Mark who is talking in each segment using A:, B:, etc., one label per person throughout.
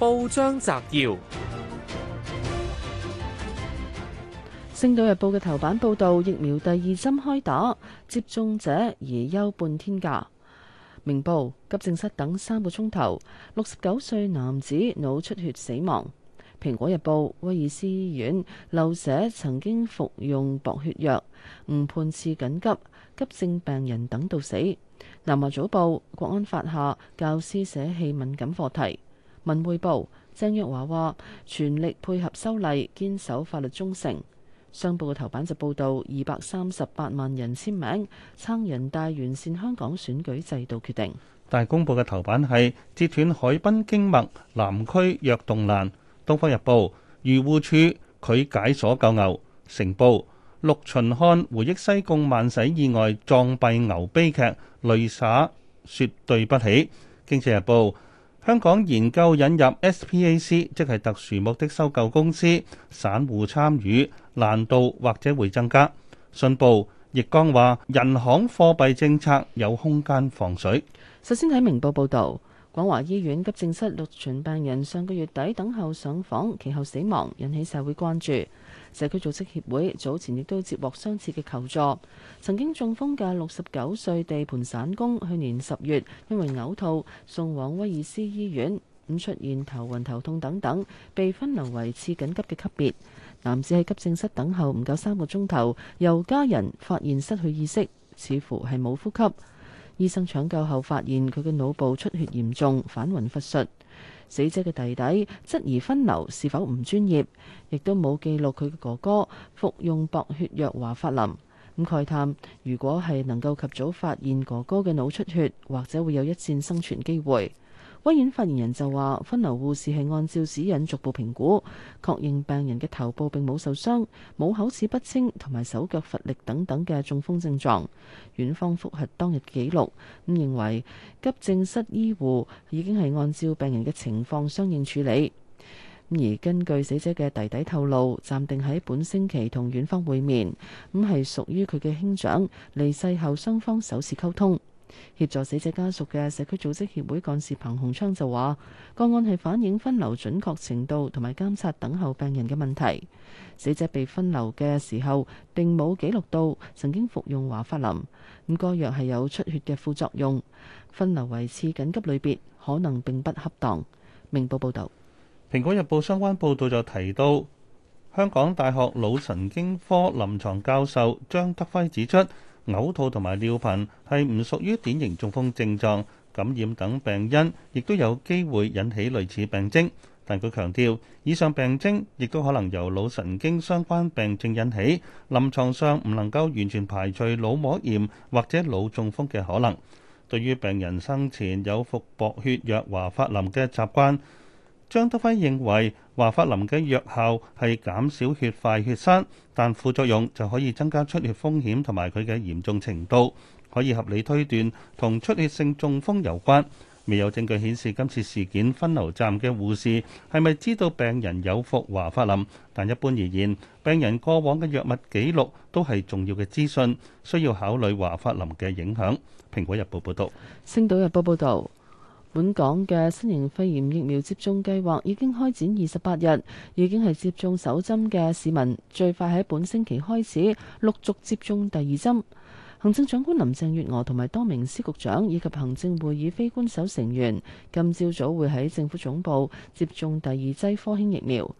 A: 報章摘要：《星島日報》嘅頭版報道疫苗第二針開打，接種者而休半天假。《明報》急症室等三個鐘頭，六十九歲男子腦出血死亡。《蘋果日報》威爾斯醫院漏寫曾經服用薄血藥，誤判次緊急急症病人等到死。《南華早報》國安法下教師捨棄敏感課題。文匯報鄭若驊話：全力配合修例，堅守法律忠誠。商報嘅頭版就報道二百三十八萬人簽名，撐人大完善香港選舉制度決定。
B: 大公報嘅頭版係截斷海濱經脈，南區若動難。東方日報漁護處拒解鎖舊牛。成報陸秦漢回憶西貢萬仔意外撞斃牛悲劇，淚灑說對不起。經濟日報。香港研究引入 SPAC，即係特殊目的收購公司，散戶參與難度或者會增加。信報易綱話，人行貨幣政策有空間放水。首先喺明報報導。廣華醫院急症室六旬病人
A: 上個月底等候上房，其後死亡，引起社會關注。社區組織協會早前亦都接獲相似嘅求助。曾經中風嘅六十九歲地盤散工，去年十月因為嘔吐送往威爾斯醫院，咁出現頭暈、頭痛等等，被分流為次緊急嘅級別。男子喺急症室等候唔夠三個鐘頭，由家人發現失去意識，似乎係冇呼吸。醫生搶救後發現佢嘅腦部出血嚴重，返魂乏術。死者嘅弟弟質疑分流是否唔專業，亦都冇記錄佢嘅哥哥服用薄血藥華法林。咁慨嘆，如果係能夠及早發現哥哥嘅腦出血，或者會有一線生存機會。醫院發言人就話，分流護士係按照指引逐步評估，確認病人嘅頭部並冇受傷，冇口齒不清同埋手腳乏力等等嘅中風症狀。院方複核當日記錄，咁認為急症室醫護已經係按照病人嘅情況相應處理。而根據死者嘅弟弟透露，暫定喺本星期同院方會面，咁係屬於佢嘅兄長離世後雙方首次溝通。協助死者家屬嘅社區組織協會幹事彭洪昌就話：個案係反映分流準確程度同埋監察等候病人嘅問題。死者被分流嘅時候，並冇記錄到曾經服用華法林，咁個藥係有出血嘅副作用。分流維持緊急類別，可能並不恰當。明報報道，
B: 《蘋果日報》相關報道就提到，香港大學腦神經科臨床教授張德輝指出，嘔吐同埋尿頻係唔屬於典型中風症狀，感染等病因亦都有機會引起類似病徵。但佢強調，以上病徵亦都可能由腦神經相關病症引起，臨床上唔能夠完全排除腦膜炎或者腦中風嘅可能。對於病人生前有服薄血藥華法林嘅習慣。張德輝認為華法林嘅藥效係減少血塊血栓，但副作用就可以增加出血風險同埋佢嘅嚴重程度，可以合理推斷同出血性中風有關。未有證據顯示今次事件分流站嘅護士係咪知道病人有服華法林，但一般而言，病人過往嘅藥物記錄都係重要嘅資訊，需要考慮華法林嘅影響。蘋果日報報導，
A: 星島日報報導。本港嘅新型肺炎疫苗接種計劃已經開展二十八日，已經係接種首針嘅市民，最快喺本星期開始陸續接種第二針。行政長官林鄭月娥同埋多名司局長以及行政會議非官守成員今朝早會喺政府總部接種第二劑科興疫苗。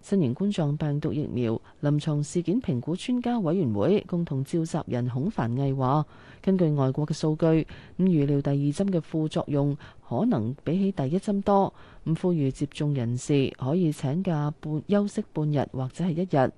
A: 新型冠狀病毒疫苗臨牀事件評估專家委員會共同召集人孔繁毅話根據外國嘅數據，咁預料第二針嘅副作用可能比起第一針多，咁呼籲接種人士可以請假半休息半日或者係一日。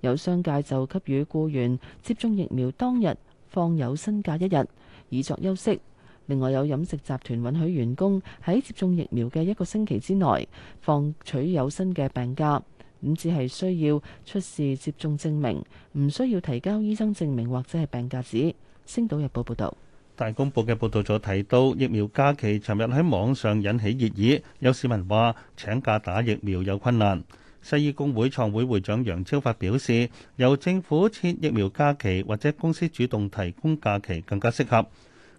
A: 有商界就給予僱員接種疫苗當日放有薪假一日，以作休息。另外，有飲食集團允許員，員工喺接種疫苗嘅一個星期之內放取有薪嘅病假。咁只係需要出示接種證明，唔需要提交醫生證明或者係病假紙。星島日報報道，
B: 大公報嘅報道就提到疫苗假期尋日喺網上引起熱議，有市民話請假打疫苗有困難，西醫工會創會會長楊超發表示，由政府設疫苗假期或者公司主動提供假期更加適合。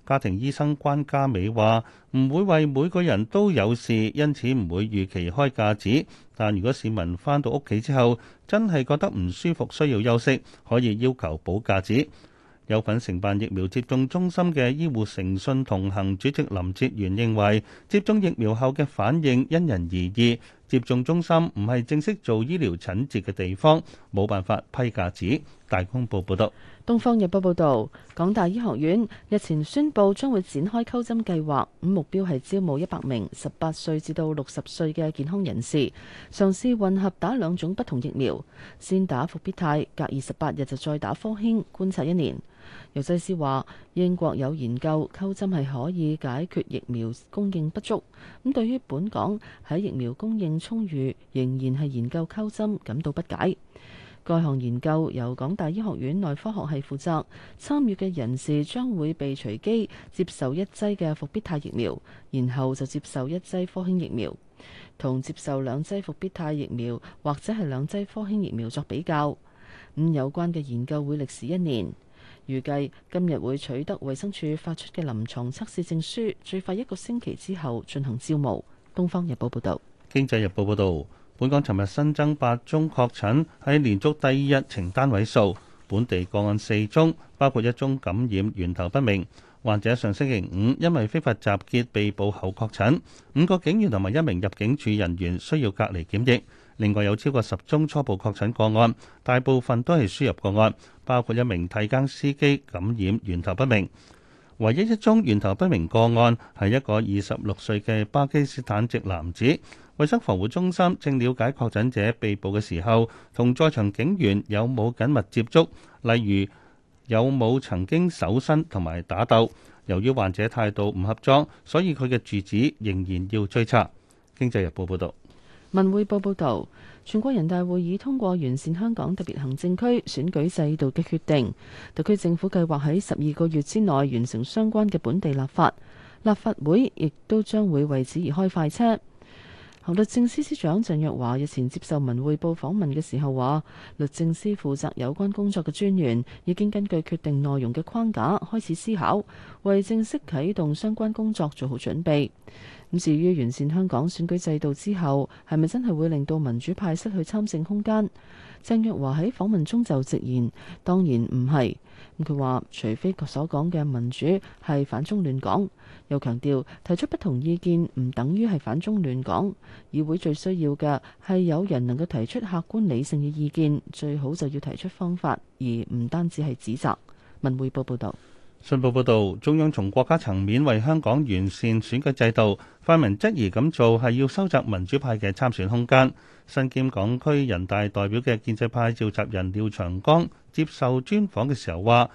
B: 家庭醫生關嘉美話：唔會為每個人都有事，因此唔會預期開假紙。但如果市民返到屋企之後真係覺得唔舒服，需要休息，可以要求補假紙。有份承辦疫苗接種中心嘅醫護誠信同行主席林哲元認為，接種疫苗後嘅反應因人而異。接種中心唔係正式做醫療診治嘅地方，冇辦法批假紙。大公報報道，
A: 東方日報報道，港大醫學院日前宣布將會展開溝針計劃，咁目標係招募一百名十八歲至到六十歲嘅健康人士，嘗試混合打兩種不同疫苗，先打復必泰，隔二十八日就再打科興，觀察一年。尤西斯話：英國有研究，溝針係可以解決疫苗供應不足。咁、嗯、對於本港喺疫苗供應充裕，仍然係研究溝針，感到不解。該項研究由港大醫學院內科學系負責，參與嘅人士將會被隨機接受一劑嘅復必泰疫苗，然後就接受一劑科興疫苗，同接受兩劑復必泰疫苗或者係兩劑科興疫苗作比較。咁、嗯、有關嘅研究會歷時一年。預計今日會取得衛生署發出嘅臨牀測試證書，最快一個星期之後進行招募。《東方日報》報道《
B: 經濟日報》報道，本港尋日新增八宗確診，喺連續第二日呈單位數，本地個案四宗，包括一宗感染源頭不明。患者上星期五因為非法集結被捕後確診，五個警員同埋一名入境處人員需要隔離檢疫。另外有超過十宗初步確診個案，大部分都係輸入個案，包括一名替更司機感染源頭不明。唯一一宗源頭不明個案係一個二十六歲嘅巴基斯坦籍男子。衞生防護中心正了解確診者被捕嘅時候同在場警員有冇緊密接觸，例如有冇曾經搜身同埋打鬥。由於患者態度唔合作，所以佢嘅住址仍然要追查。經濟日報報導。
A: 文匯報報道，全國人大會議通過完善香港特別行政區選舉制度嘅決定，特區政府計劃喺十二個月之內完成相關嘅本地立法，立法會亦都將會為此而開快車。律政司司長鄭若驊日前接受文匯報訪問嘅時候話，律政司負責有關工作嘅專員已經根據決定內容嘅框架開始思考，為正式啟動相關工作做好準備。咁至於完善香港選舉制度之後，係咪真係會令到民主派失去參政空間？鄭若驊喺訪問中就直言：當然唔係。咁佢話：除非所講嘅民主係反中亂港，又強調提出不同意見唔等於係反中亂港，議會最需要嘅係有人能夠提出客觀理性嘅意見，最好就要提出方法，而唔單止係指責。文匯報報道。
B: 信報報導，中央從國家層面為香港完善選舉制度，泛民質疑咁做係要收集民主派嘅參選空間。新兼港區人大代表嘅建制派召集人廖長江接受專訪嘅時候話：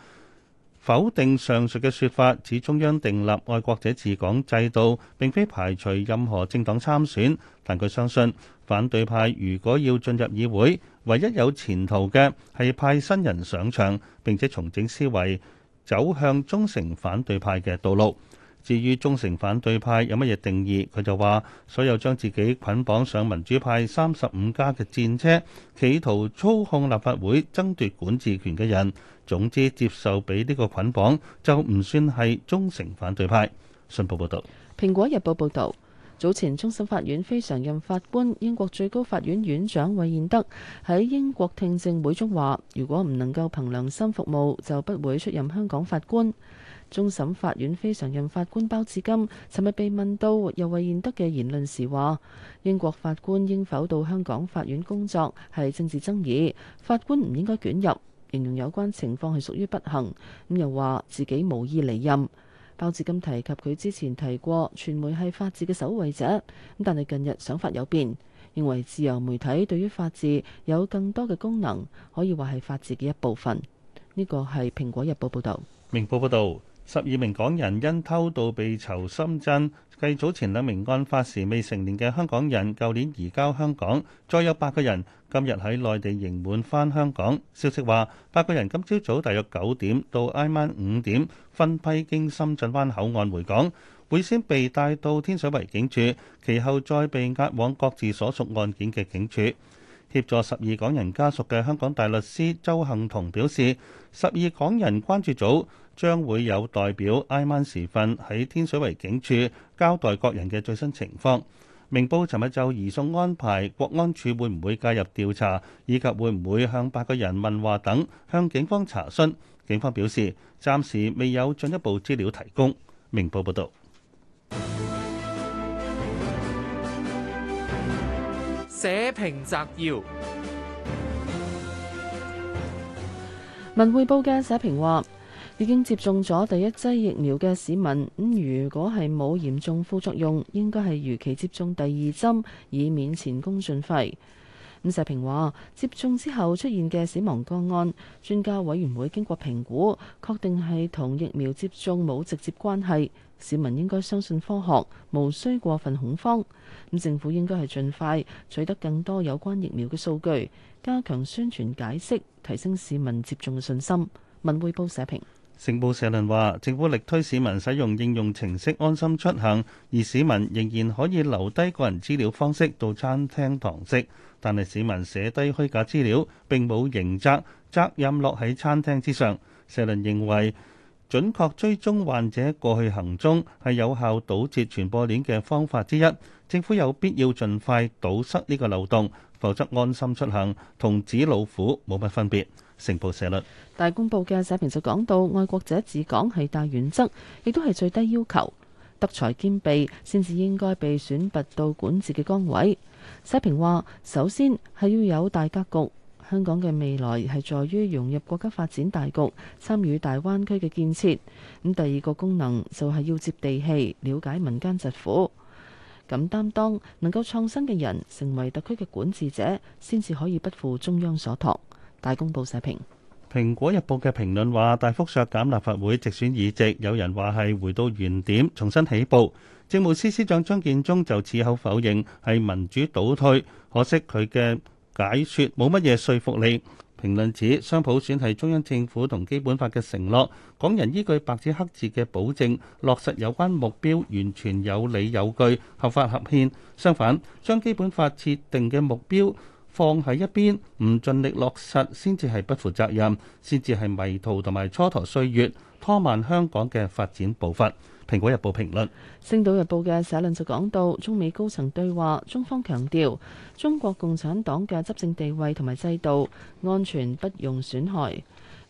B: 否定上述嘅說法，指中央訂立愛國者治港制度並非排除任何政黨參選。但佢相信，反對派如果要進入議會，唯一有前途嘅係派新人上場並且重整思維。走向忠誠反對派嘅道路。至於忠誠反對派有乜嘢定義，佢就話：所有將自己捆綁上民主派三十五家嘅戰車，企圖操控立法會爭奪管治權嘅人，總之接受俾呢個捆綁，就唔算係忠誠反對派。信報報導，
A: 《蘋果日報》報導。早前，終審法院非常任法官英國最高法院院長韋彥德喺英國聽證會中話：如果唔能夠憑良心服務，就不會出任香港法官。終審法院非常任法官包致金尋日被問到有關韋彥德嘅言論時，話英國法官應否到香港法院工作係政治爭議，法官唔應該捲入，形容有關情況係屬於不幸。咁又話自己無意離任。包致金提及佢之前提過，傳媒係法治嘅守衛者，咁但係近日想法有變，認為自由媒體對於法治有更多嘅功能，可以話係法治嘅一部分。呢個係《蘋果日報》報道，
B: 《明報》報道。十二名港人因偷渡被囚深圳，繼早前兩名案發時未成年嘅香港人舊年移交香港，再有八個人今日喺內地刑滿翻香港。消息話，八個人今朝早大約九點到挨晚五點分批經深圳灣口岸回港，會先被帶到天水圍警署，其後再被押往各自所屬案件嘅警署。協助十二港人家屬嘅香港大律師周幸彤表示，十二港人關注組。將會有代表挨晚時分喺天水圍警署交代各人嘅最新情況。明報尋日就移送安排，國安處會唔會介入調查，以及會唔會向八個人問話等，向警方查詢。警方表示，暫時未有進一步資料提供。明報報道。社評摘要：
A: 文匯報嘅社評話。已經接種咗第一劑疫苗嘅市民，咁、嗯、如果係冇嚴重副作用，應該係如期接種第二針，以免前功盡廢。咁、嗯、社評話，接種之後出現嘅死亡個案，專家委員會經過評估，確定係同疫苗接種冇直接關係。市民應該相信科學，無需過分恐慌。咁、嗯、政府應該係盡快取得更多有關疫苗嘅數據，加強宣傳解釋，提升市民接種嘅信心。文匯報社評。
B: 成報社論話，政府力推市民使用應用程式安心出行，而市民仍然可以留低個人資料方式到餐廳堂食。但係市民寫低虛假資料並冇刑責，責任落喺餐廳之上。社論認為，準確追蹤患者過去行蹤係有效堵截傳播鏈嘅方法之一。政府有必要盡快堵塞呢個漏洞，否則安心出行同紙老虎冇乜分別。成報社論。
A: 大公報嘅社評就講到，愛國者治港係大原則，亦都係最低要求，德才兼備先至應該被選拔到管治嘅崗位。社評話，首先係要有大格局，香港嘅未來係在於融入國家發展大局，參與大灣區嘅建設。咁第二個功能就係要接地氣，了解民間疾苦，敢擔當能夠創新嘅人成為特區嘅管治者，先至可以不負中央所託。大公報社評。
B: 蘋果日報嘅評論話，大幅削減立法會直選議席，有人話，係回到原點重新起步。政務司司長張建宗就矢口否認係民主倒退，可惜佢嘅解說冇乜嘢說服力。評論指，雙普選係中央政府同基本法嘅承諾，港人依據白紙黑字嘅保證落實有關目標完全有理有據，合法合憲，相反，將基本法設定嘅目標。放喺一邊，唔盡力落實，先至係不負責任，先至係迷途同埋蹉跎歲月，拖慢香港嘅發展步伐。《蘋果日報》評論。
A: 《星島日報》嘅社論就講到，中美高層對話，中方強調中國共產黨嘅執政地位同埋制度安全不容損害，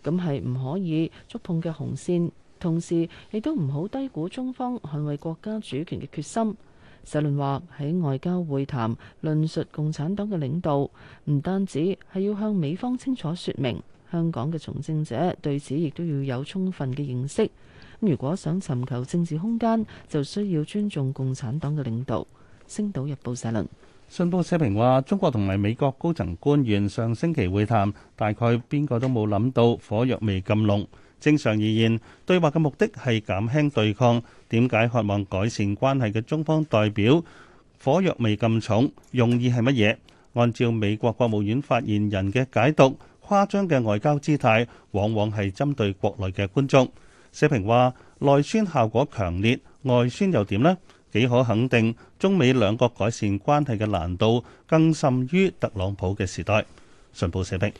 A: 咁係唔可以觸碰嘅紅線。同時，亦都唔好低估中方捍衛國家主權嘅決心。社論話，喺外交會談論述共產黨嘅領導，唔單止係要向美方清楚說明，香港嘅從政者對此亦都要有充分嘅認識。如果想尋求政治空
B: 間，就需要尊重共產黨嘅領導。星島日報社論。信報社評話，中國同埋美國高層官員上星期會談，大概邊個都冇諗到火藥味咁濃。正常而言，對話嘅目的係減輕對抗。點解渴望改善關係嘅中方代表火藥味咁重？用意係乜嘢？按照美國國務院發言人嘅解讀，誇張嘅外交姿態往往係針對國內嘅觀眾。社評話：內宣效果強烈，外宣又點呢？幾可肯定，中美兩國改善關係嘅難度更甚於特朗普嘅時代。信報社評。